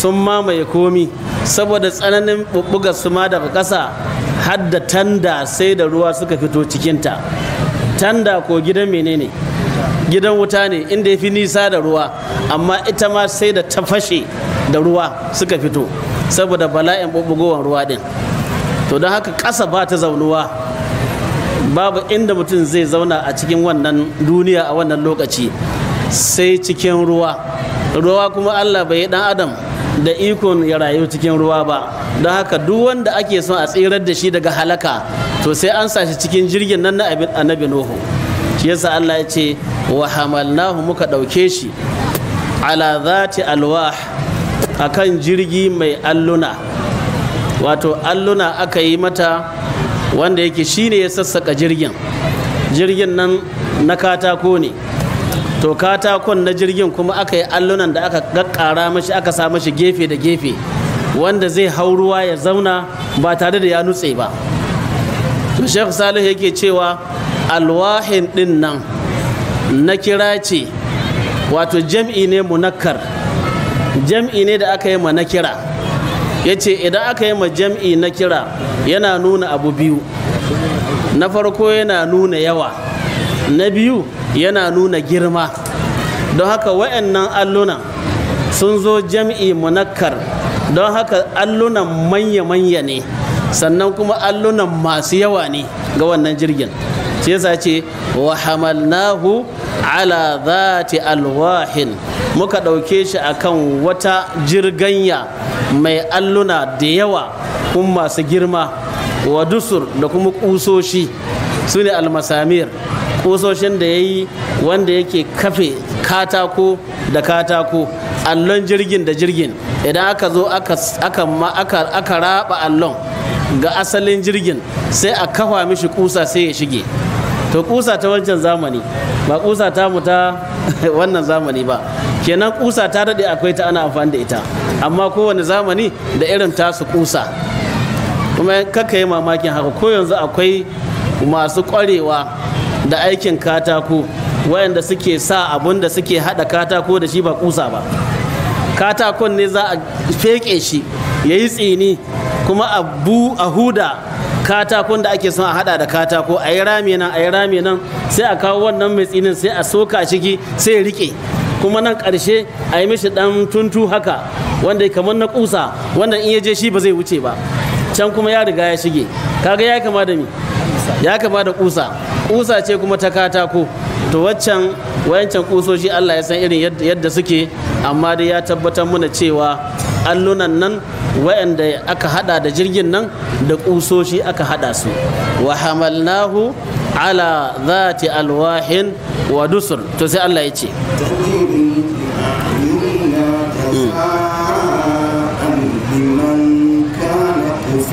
sun mamaye komi saboda tsananin bubbugar su ma daga ƙasa hadda tanda sai da ruwa suka fito cikinta tanda ko gidan menene gidan wuta ne inda ya fi nisa da ruwa amma ita ma sai da ta fashe da ruwa suka fito saboda bala'in bubbugowar ruwa din to don haka ƙasa ba ta zaunuwa babu inda mutum zai zauna a cikin wannan duniya a wannan lokaci sai cikin ruwa ruwa kuma allah bai yi dan adam da ikon ya rayu cikin ruwa ba don haka duk wanda ake son a tsirar da shi daga halaka to sai an sa shi cikin jirgin nan na annabi nuhu shi yasa Allah ya ce wa hamalnahu muka ɗauke shi ala zati alwah akan jirgi mai alluna wato alluna aka yi mata wanda yake shine ya sassaka jirgin jirgin nan na katako ne to katakon na jirgin kuma aka yi allunan da aka gaggara mashi aka sa mashi gefe da gefe wanda zai hau ruwa ya zauna ba tare da ya nutse ba to shek salih yake cewa alwahin din nan na kira ce wato jam'i ne munakkar jam'i ne da aka yi ma na kira ya ce idan aka yi ma jam'i na kira yana nuna abu biyu na farko yana nuna yawa na biyu yana nuna girma don haka wa'annan alluna sun zo jam'i munakkar don haka allunan manya-manya ne sannan kuma allunan masu yawa ne ga wannan jirgin shi yasa ce wa hamalnahu ala zati alwahin muka ɗauke shi akan wata jirganya mai alluna da yawa kuma masu girma wa dusur da kuma ƙusoshi su ne almasamir kusoshin da ya yi wanda yake kafe katako da katako allon jirgin da jirgin idan aka zo aka raba allon ga asalin jirgin sai a kafa mishi kusa sai ya shige to kusa ta wancan zamani ba kusa ta mu (laughs) wannan zamani ba kenan kusa ta daɗe akwai ta ana amfani da ita amma kowane zamani da irin tasu kusa kuma kakka yi mamakin haka ko yanzu akwai masu ƙwarewa da aikin katako wayanda suke sa abun da suke hada katako da shi ba kusa ba katakon ne za a feke shi ya yi tsini kuma a huda katakon da ake son a hada da katako a yi rami nan a yi rami nan sai a kawo wannan mai tsinin sai a soka ciki sai a rike kuma nan karshe a yi mishi dan tuntu haka wanda kamar na kusa wanda in ya je shi ba zai wuce ba can kuma ya riga ya shige kaga ya kama da mi ya kama da kusa kusa ce kuma ta katako to waccan wayancan kusoshi Allah ya san irin yadda suke amma dai ya tabbatar mana cewa allunan nan wayanda aka hada da jirgin nan da kusoshi aka hada su wa hamalnahu ala zati alwahin wa dusur to sai Allah ya ce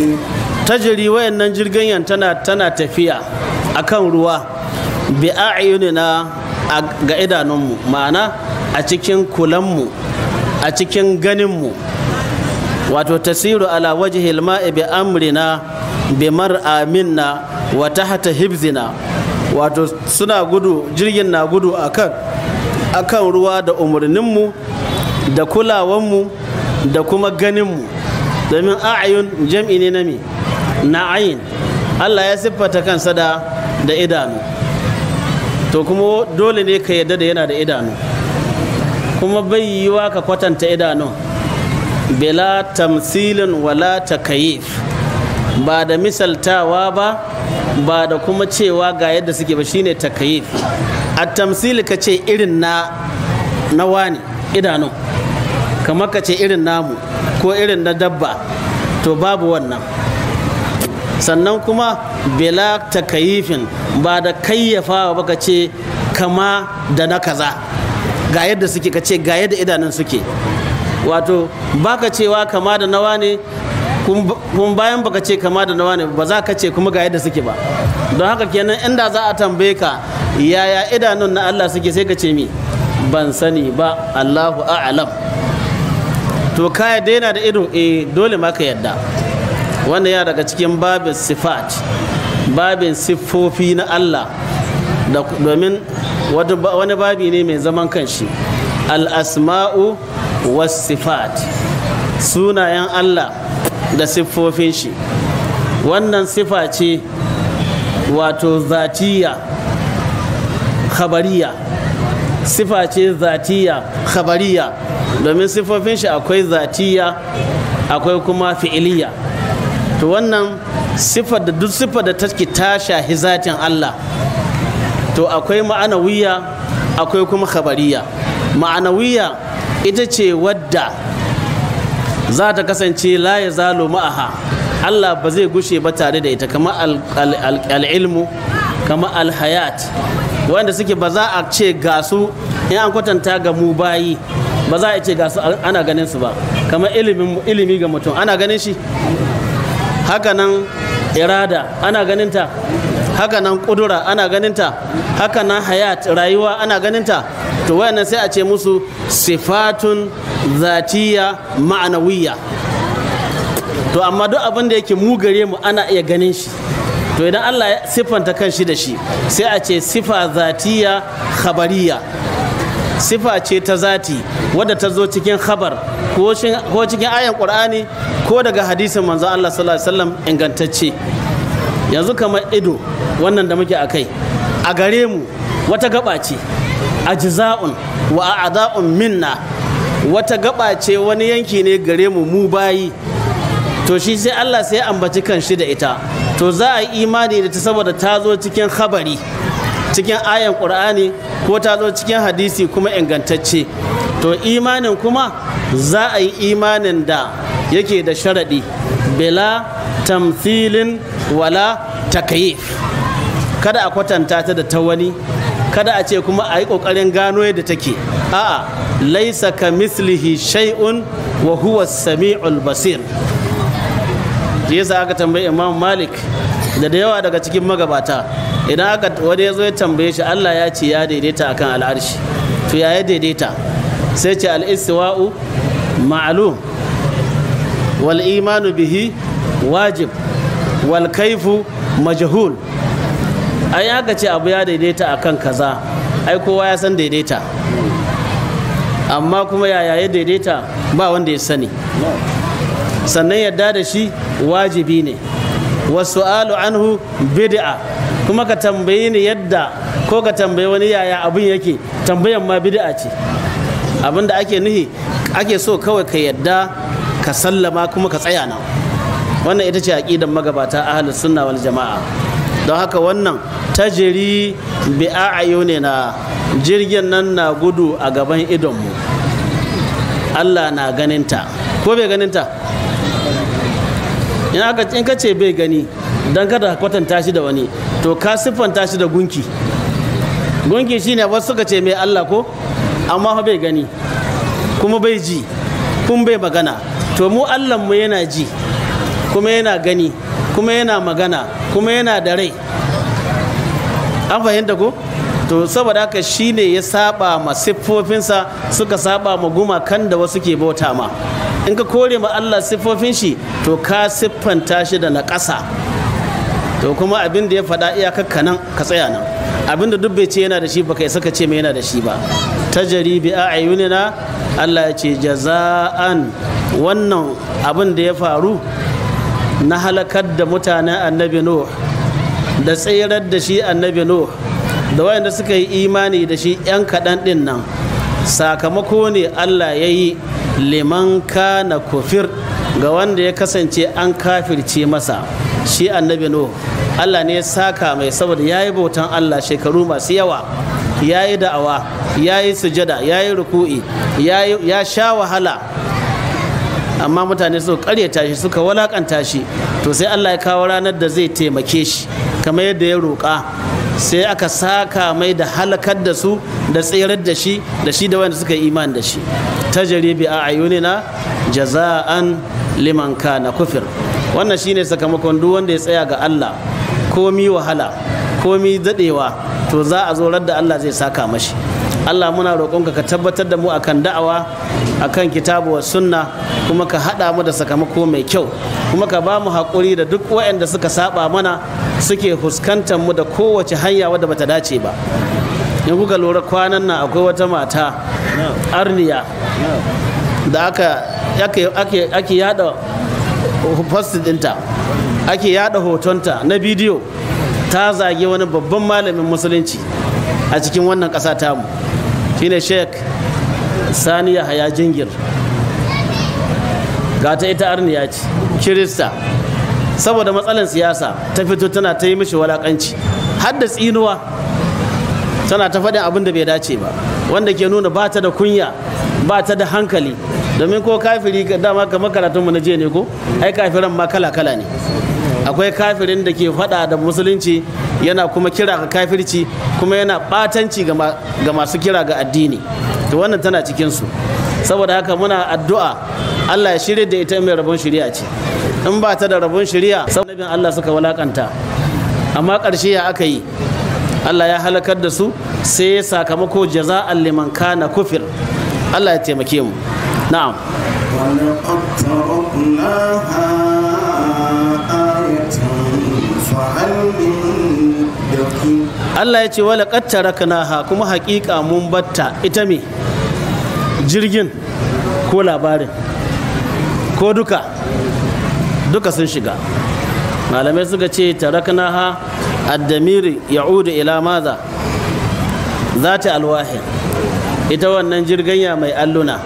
you. Hmm. tajiri wayannan jirgin tana tana tafiya a kan ruwa bi a'yunina ga idanunmu ma'ana a cikin kulanmu a cikin ganinmu wato tasiru ala waje hilma bi amrina bi mar'a minna wa tahta hibzina wato suna gudu jirgin na gudu akan akan ruwa da umarninmu da kulawanmu da kuma ganinmu domin a'ayun jam'i ne na me na Allah ya siffata kansa da da idanu to kuma dole ne ka yadda da yana da idanu kuma bai yiwa ka kwatanta idanu bila tamsilin wala takayif ba da misaltawa ba ba da kuma cewa ga yadda suke ba shine takayif a tamsili ka ce irin na na wani idanu kamar ka ce irin namu ko irin na dabba to babu wannan sannan kuma bela takayifin ba da kayyafawa ba ka ce kama da na kaza ga yadda suke ka ce ga yadda idanun suke wato baka cewa kama da nawa ne kuma bayan baka ce kama da nawa ne ba za ka ce kuma ga yadda suke ba don haka kenan inda za a tambaye ka yaya idanun na Allah suke sai ka ce mi ban sani ba Allahu a'lam to ka daina da ido eh dole ma ka yadda wannan ya daga cikin babin sifat babin siffofi na Allah domin wani babi ne mai zaman kanshi Al'asma'u asmau was sifat sunayen Allah da siffofin shi wannan sifa ce wato zatiya khabariya sifa ce zatiya khabariya domin siffofin shi akwai zatiya akwai kuma fi'iliya to wannan siffar da duk siffar da take ta shahi zatin Allah to akwai ma'anawiya akwai kuma khabariya ma'anawiya ita ce wadda za ta kasance la ya zalo ma'aha Allah ba zai gushe ba tare da ita kama al'ilmu kama alhayat wanda suke ba za a ce gasu in an kwatanta ga mu bayi ba za a ce gasu ana ganin su ba kama ilimi ga mutum ana ganin shi hakanan irada ana ganinta hakanan kudura ana ganinta hakanan hayat rayuwa ana ganinta to wayannan sai a ce musu sifatun zatiya ma'anawiyya to amma duk abin da yake mu gare mu ana iya ganin shi to idan Allah ya siffanta kanshi da shi sai a ce sifa zatiya khabariya sifa ce ta zati wadda ta zo cikin khabar ko cikin ayan ƙur'ani ko daga hadisin manzo Allah sallallahu alaihi wasallam ingantacce yanzu kamar ido wannan da muke akai a gare mu wata gaba ce ajza'un wa a'da'un minna wata gaba ce wani yanki ne gare mu mu bayi to shi sai Allah sai ambaci kan shi da ita to za a yi imani da ta saboda ta zo cikin khabari cikin ayan ƙur'ani ko ta zo cikin hadisi kuma ingantacce to imanin kuma za a yi imanin da yake da sharaɗi bila tamthilin wala takayi kada a kwatanta ta da ta wani kada a ce kuma a yi ƙoƙarin gano yadda take a'a laisa ka mislihi shay'un wa huwa sami'ul basir yasa aka tambayi imam malik da da yawa daga cikin magabata idan aka wani ya zo ya tambaye shi Allah ya ce ya daidaita akan al'arshi to ya ya daidaita sai ce al'istiwa'u ma'lum wal imanu bihi wajib wal kaifu majhul ai aka ce abu ya daidaita akan kaza ai kowa ya san daidaita amma kuma yaya ya daidaita ba wanda ya sani sannan yadda da shi wajibi ne wasu anhu bid'a kuma ka tambayi ni yadda ko ka tambayi wani yaya abin yake tambayan ma bid'a ce abin da ake nuhi ake so kawai ka yadda ka sallama kuma ka tsaya na wannan ita ce aqidan magabata ahlus sunna wal jama'a don haka wannan tajiri bi a'ayuni na jirgin nan na gudu a gaban idonmu Allah na ganinta ko bai ganinta in ka ce bai gani don kada kwatanta shi da wani to ka siffanta shi da gunki gunki shine wasu suka ce mai Allah ko amma fa bai gani kuma bai ji kuma bai magana to mu mu yana ji kuma yana gani kuma yana magana kuma yana da rai an fahimta ko to saboda haka shine ya saba ma siffofinsa suka saba ma gumakan da wasu ke bauta ma in ka kore ma Allah siffofin shi to ka siffanta shi da na ƙasa to kuma abin da ya faɗa ka nan ka tsaya nan abin da duk bai ce yana da shi baka isa ka ce mai yana da shi ba tajari bi a ayyunina Allah ya ce jaza'an wannan abin da ya faru na halakar da mutanen annabi Nuh da tsirar da shi annabi Nuh da wayanda suka yi imani da shi 'yan kaɗan ɗin nan sakamako ne Allah ya yi liman kana kufir ga wanda ya kasance an kafirce masa shi annabi no Allah ne ya saka mai saboda ya yi bautan Allah shekaru masu yawa ya yi da'awa ya yi sujada ya yi ruku'i ya sha wahala amma mutane suka karyata shi suka walakanta shi to sai Allah ya kawo ranar da zai taimake shi kamar yadda ya roƙa sai aka saka mai da halakar da su da tsirar da shi da shi da wanda suka yi iman da shi ta jaribi a ayunina jaza'an liman kana kufir wannan shi ne sakamakon duk wanda ya tsaya ga Allah komi wahala komi dadewa to za a zo da Allah zai saka mashi Allah muna roƙonka ka tabbatar da mu akan da'awa akan kitabu wa sunna kuma ka haɗa mu da sakamako mai kyau kuma ka ba mu haƙuri da duk waɗanda suka saba mana suke fuskantar mu da kowace hanya wadda bata dace ba in kuka lura kwanan nan akwai wata mata arniya da aka ake yada post dinta ake yada hotonta na bidiyo ta zage wani babban malamin musulunci a cikin wannan ƙasa tamu shine sheik sani yahaya jingir ga ta ita arniya ce kirista saboda matsalar siyasa ta fito tana ta yi mishi walakanci har da tsinuwa tana ta faɗin abin da bai dace ba wanda ke nuna ba ta da kunya ba ta da hankali domin ko kafiri dama kamar karatunmu na jiya ne ko ai kafiran ma kala kala ne akwai kafirin da ke fada da musulunci yana kuma kira ga kafirci kuma yana batanci ga masu kira ga addini to wannan tana cikinsu saboda haka muna addu'a allah ya shirya da ita mai rabon shari'a ce in ba ta da rabon shari'a saboda nabin allah suka walakanta amma ƙarshe ya aka yi allah ya halakar da su sai sakamako jaza'an liman kana kufir allah ya taimake mu na'am ولقد تركناها Allah ya ce wala na ha kuma hakika mun batta ita me jirgin ko labarin ko duka duka sun shiga malamai suka ce tarakna ha addamiri ya'udu ila maza za ta alwahin ita wannan jirgin ya mai alluna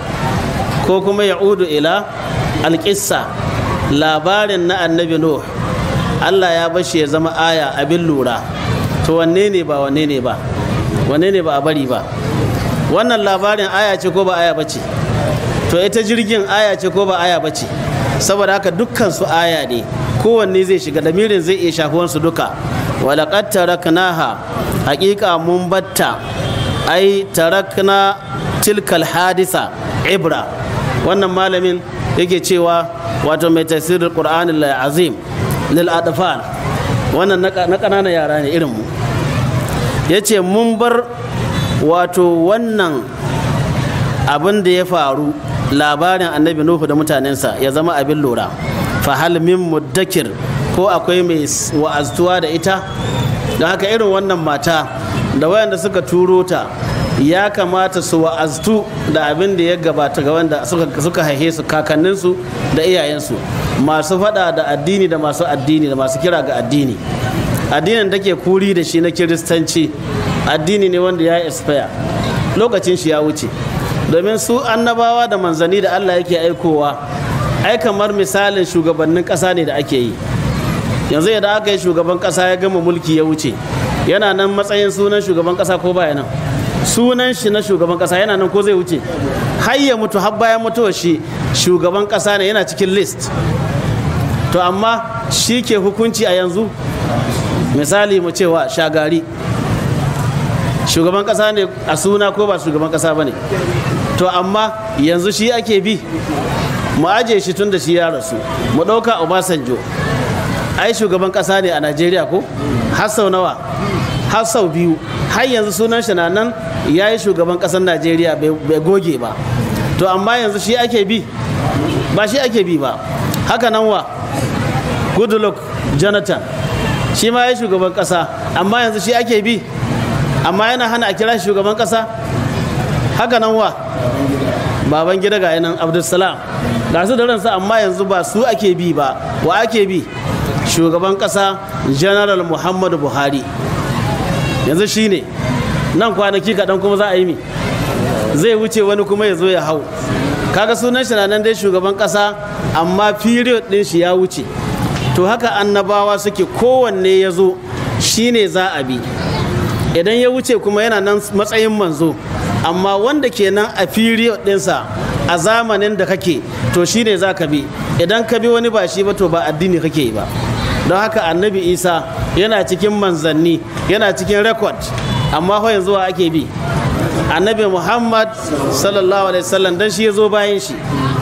ko kuma ya ya'udu ila alƙissa labarin na annabi nuh allah ya bashi ya zama aya abin lura to wanne ne ba wanne ne ba wanne ne ba a bari ba wannan labarin aya ce ko ba aya ba ce to ita jirgin aya ce ko ba aya ba ce saboda haka dukkan su aya ne kowanne zai shiga lamirin zai iya su duka walaƙad taraknaha haƙiƙa mun batta ai tarakna tilkal hadisa ibra wannan malamin yake cewa wato mai tasirin ƙur'ani azim lil adfal wannan na ƙananan yara ne irin mu ce mun bar wato wannan abin da ya faru labarin annabi nuhu da mutanensa ya zama abin lura fahal min muddakir ko akwai mai wa'aztuwa da ita Don haka irin wannan mata da wayanda suka turo ta ya kamata su wa'aztu da abin da ya gabata ga wanda suka haihe su kakanninsu da iyayensu masu fada da addini da masu addini da masu kira ga addini addinin da ke kuri da shi na kiristanci addini ne wanda ya expire lokacin shi ya wuce domin su annabawa da manzani da allah yake aikowa ai kamar misalin shugabannin ƙasa ne da ake yi yanzu idan aka yi shugaban ƙasa ya gama mulki ya wuce yana nan matsayin sunan shugaban ƙasa ko baya nan sunan shi na shugaban kasa yana nan ko zai wuce har ya mutu har bayan mutuwar shi shugaban kasa ne yana cikin list to amma shi ke hukunci a yanzu misali mu cewa shagari shugaban kasa ne a suna ko ba shugaban kasa ba ne to amma yanzu shi ake bi mu aje shi tun da shi ya rasu mu ɗauka obasanjo ai shugaban kasa ne a najeriya ko har nawa har sau biyu har yanzu sunan shi na nan ya yi shugaban kasar najeriya bai goge ba to amma yanzu shi ake bi ba shi ake bi ba haka nan wa goodluck jonathan shi ma ya yi shugaban kasa amma yanzu shi ake bi amma yana hana a kira shugaban kasa haka nan wa baban gida ga yanan abdulsalam ga su da ransa amma yanzu ba su ake bi ba wa ake bi shugaban kasa general muhammadu buhari yanzu shine nan kwanaki kaɗan kuma za a yi mi zai wuce wani kuma ya zo ya hau kaga sunan shi na nan dai shugaban ƙasa amma period ɗin shi ya wuce to haka annabawa suke kowanne ya zo shine za a bi idan ya wuce kuma yana nan matsayin manzo amma wanda ke nan a period ɗinsa a zamanin da kake to shine za ka bi idan ka bi wani ba shi ba to ba addini kake yi ba don haka annabi isa yana cikin manzanni yana cikin rekod amma ho yanzu ake bi annabi muhammad sallallahu alaihi wasallam dan shi ya zo bayan shi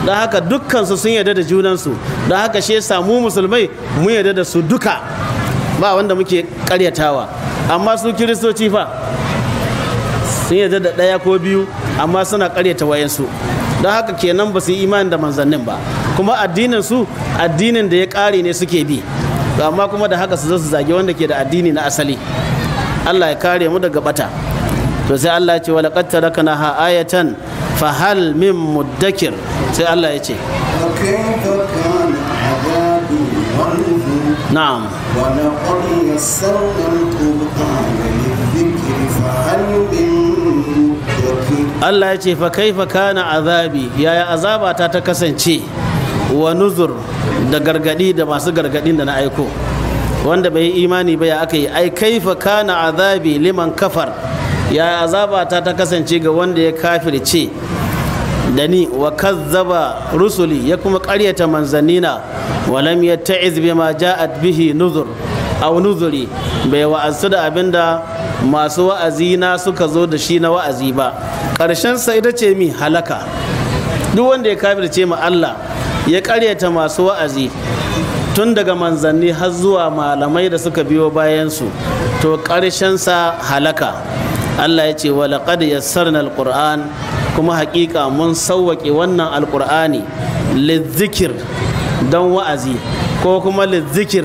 don haka dukkansu sun yarda da junansu don haka shi ya mu musulmai mun yarda da su duka ba wanda muke karyatawa amma su kiristoci fa sun yarda da ɗaya ko biyu amma suna karyata wayansu don haka kenan ba su yi imani da manzannin ba kuma addinin su addinin da ya ƙare ne suke bi to amma kuma da haka su zo su zage wanda ke da addini na asali Allah ya kare mu daga bata to sai Allah ya ce wala qad tarakana ha ayatan fa hal min muddakir sai Allah ya ce na'am Allah ya ce fa kaifa kana azabi yaya azabata ta kasance wa nuzur da gargadi da masu gargadin da na aiko wanda bai imani ba ya aka yi ai kaifa kana azabi liman kafar ya azaba ta ta kasance ga wanda ya kafirce da ni wa kazzaba rusuli ya kuma karyata manzannina wa lam yatta'iz bima ja'at bihi nuzur aw nuzuri bai wa'azu da abinda masu wa'azi na suka zo da shi na wa'azi ba karshen sa ita ce mi halaka duk wanda ya kafirce ma Allah ya karyata masu wa'azi tun daga manzanni har zuwa malamai da suka biyo bayansu to sa halaka allah ya ce walaƙad yassarna alƙur'an kuma haƙiƙa mun sauwaƙe wannan alƙur'ani lizzikir don wa'azi ko kuma lizzikir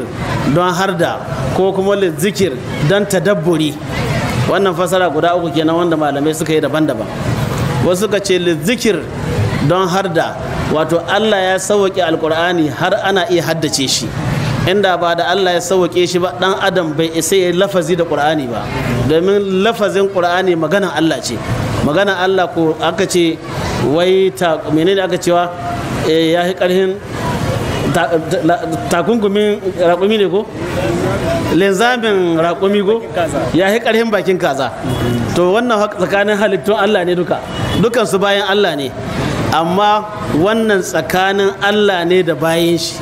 don harda ko kuma lizzikir don tadabburi wannan fasara guda uku kenan wanda malamai suka yi daban-daban wasu ka ce lizzikir don harda wato Allah ya sauke alkur'ani har ana iya haddace shi inda ba da Allah ya sauke shi ba dan adam bai isa ya lafazi da ƙur'ani ba domin lafazin ƙur'ani magana Allah ce magana Allah ko aka ce wai ta menene aka cewa eh, ya yi ƙarhin takunkumin raƙumi ne ko linzamin raƙumi ko ya yi ƙarhin bakin kaza to wannan tsakanin halittun Allah ne duka dukansu bayan Allah ne amma wannan tsakanin Allah ne da bayan shi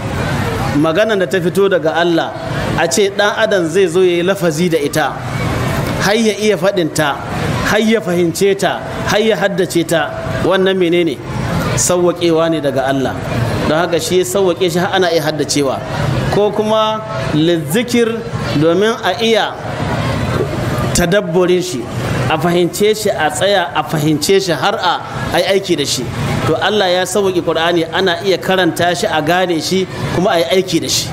magana da ta fito daga Allah a ce ɗan adam zai zo ya yi lafazi da ita har ya iya faɗinta har ya fahimce ta har ya haddace ta wannan menene sauwaƙewa ne daga Allah don haka shi sauwaƙe shi ana iya haddacewa ko kuma lizzikir domin a iya tadabburin shi a fahimce shi a tsaya a fahimce shi har a ai aiki da shi to Allah ya sauƙi Qur'ani ana iya karanta shi a gane shi kuma a aiki da shi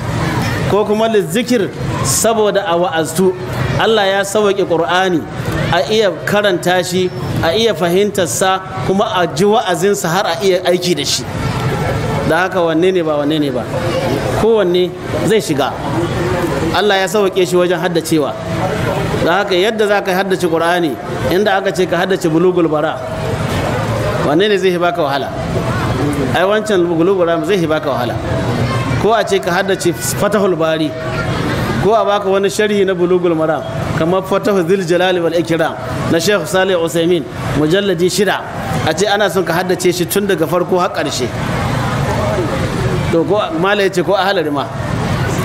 ko kuma zikir saboda a wa'aztu Allah ya sauƙi Qur'ani a iya karanta shi a iya fahimtarsa kuma a ji wa'azinsa har a iya aiki da shi da haka wanne ne ba wanne ne ba kowanne zai shiga Allah ya sauƙe shi wajen haddacewa da haka yadda za ka haddace qur'ani inda aka ce ka haddace bulugul bara wanne ne zai baka wahala ai wancan bulugul bara zai baka wahala ko a ce ka haddace fatahul bari ko a baka wani sharhi na bulugul maram kamar fatahu zil jalali wal ikira na sheikh salih usaimin mujalladi shida a ce ana son ka haddace shi tun daga farko har karshe to ko mala ya ce ko a halari ma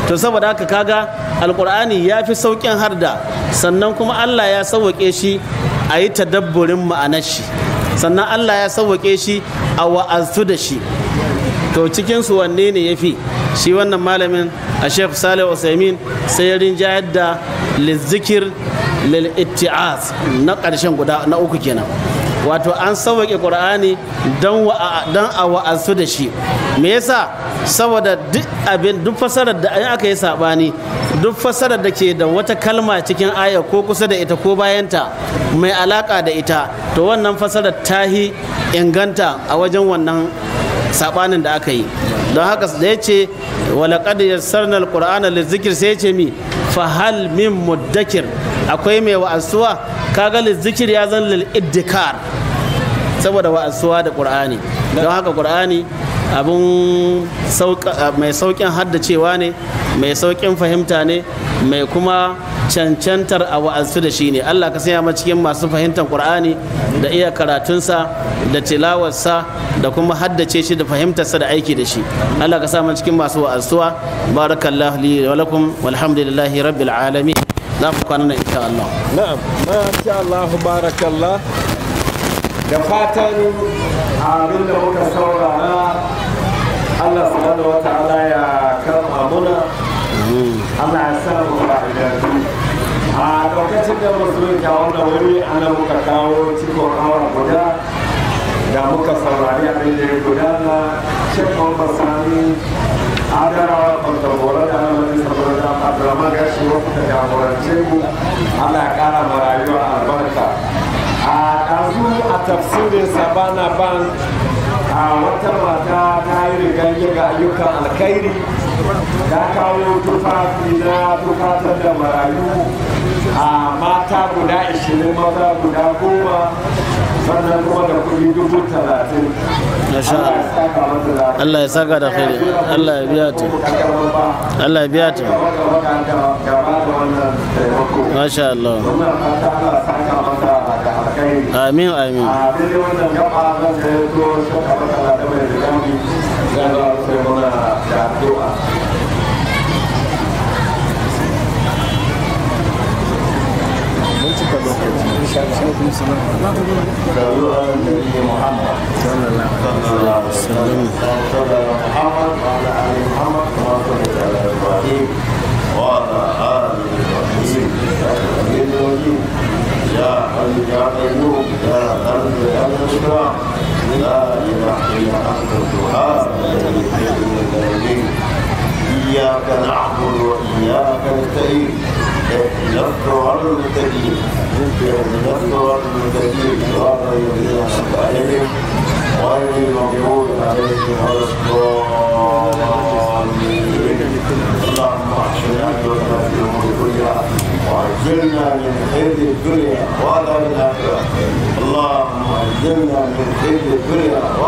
to saboda haka kaga alkur'ani ya fi sauƙin harda sannan kuma Allah ya sauwaƙe shi a yi tadabburin ma'anar shi sannan Allah ya sauwaƙe shi a wa'azu da shi to cikin su wanne ne ya fi shi wannan malamin a shef sale usaimin sai ya rinja da lizikir lil'itti'az na ƙarshen guda na uku kenan wato an sauwaƙe ƙur'ani don a wa'azu da shi me yasa saboda duk abin duk fasarar da aka yi sabani duk fasarar da ke da wata kalma cikin aya ko kusa da ita ko bayanta mai alaka da ita to wannan fasarar ta yi inganta a wajen wannan sabanin da aka yi don haka da ya ce walaƙad yassarna alqur'ana lizikir sai ya ce mi fahal min muddakir akwai mai wa'azuwa kaga lizikir ya zan lil iddikar saboda wa'azuwa da qur'ani don haka qur'ani abin mai sauƙin haddacewa ne mai sauƙin fahimta ne mai kuma cancantar a wa'azu da shi ne allah ka sanya ma cikin masu fahimtar qur'ani da iya karatunsa da tilawarsa da kuma haddace shi da fahimtarsa da aiki da shi allah ka sanya ma cikin masu wa'azuwa barakallahu li wa lakum walhamdulillahi rabbil alamin za mu kwana na insha allah na'am ma allah barakallah da fatan abin da muka saurara Allah subhanahu wa ta'ala ya kama muna Allah ya sa mu fa'idatu a lokacin da musulunta wannan wuri ana muka kawo cikon awar guda da muka saurari abin da ya gudana shekwan basani adarawa kwantagora da ana wani saboda da abdurrahman gashi wasu da jagorance mu ana ya kara ma rayuwa albarka a ɗazu a tafsirin sabana ban a wata mata alkhairin ganye ga ayyuka alkhairi ya kawo tufa fina tufa ta da marayu a mata guda 20 maza guda goma sannan kuma da kudi dubu talatin Allah ya saka da khairi Allah ya biya ta Allah ya biya ta Masha Allah Amin amin جابر فرمنا جابر محمد صلى الله عليه وسلم صلى محمد وعلى ال محمد كما صليت على ابراهيم وعلى ال ابراهيم انك حميد مجيد يا حي يا قيوم يا ذا الجلال والاكرام لا إله إلا أنت سبحانك إني إياك نعبد وإياك نستعين اهدنا الصراط المستقيم اهدنا الصراط المستقيم صراط الذين أنعمت عليهم غير المغضوب عليهم ولا الضالين اللهم احشنا من خير الدنيا وعذاب الاخره اللهم اجرنا من خير الدنيا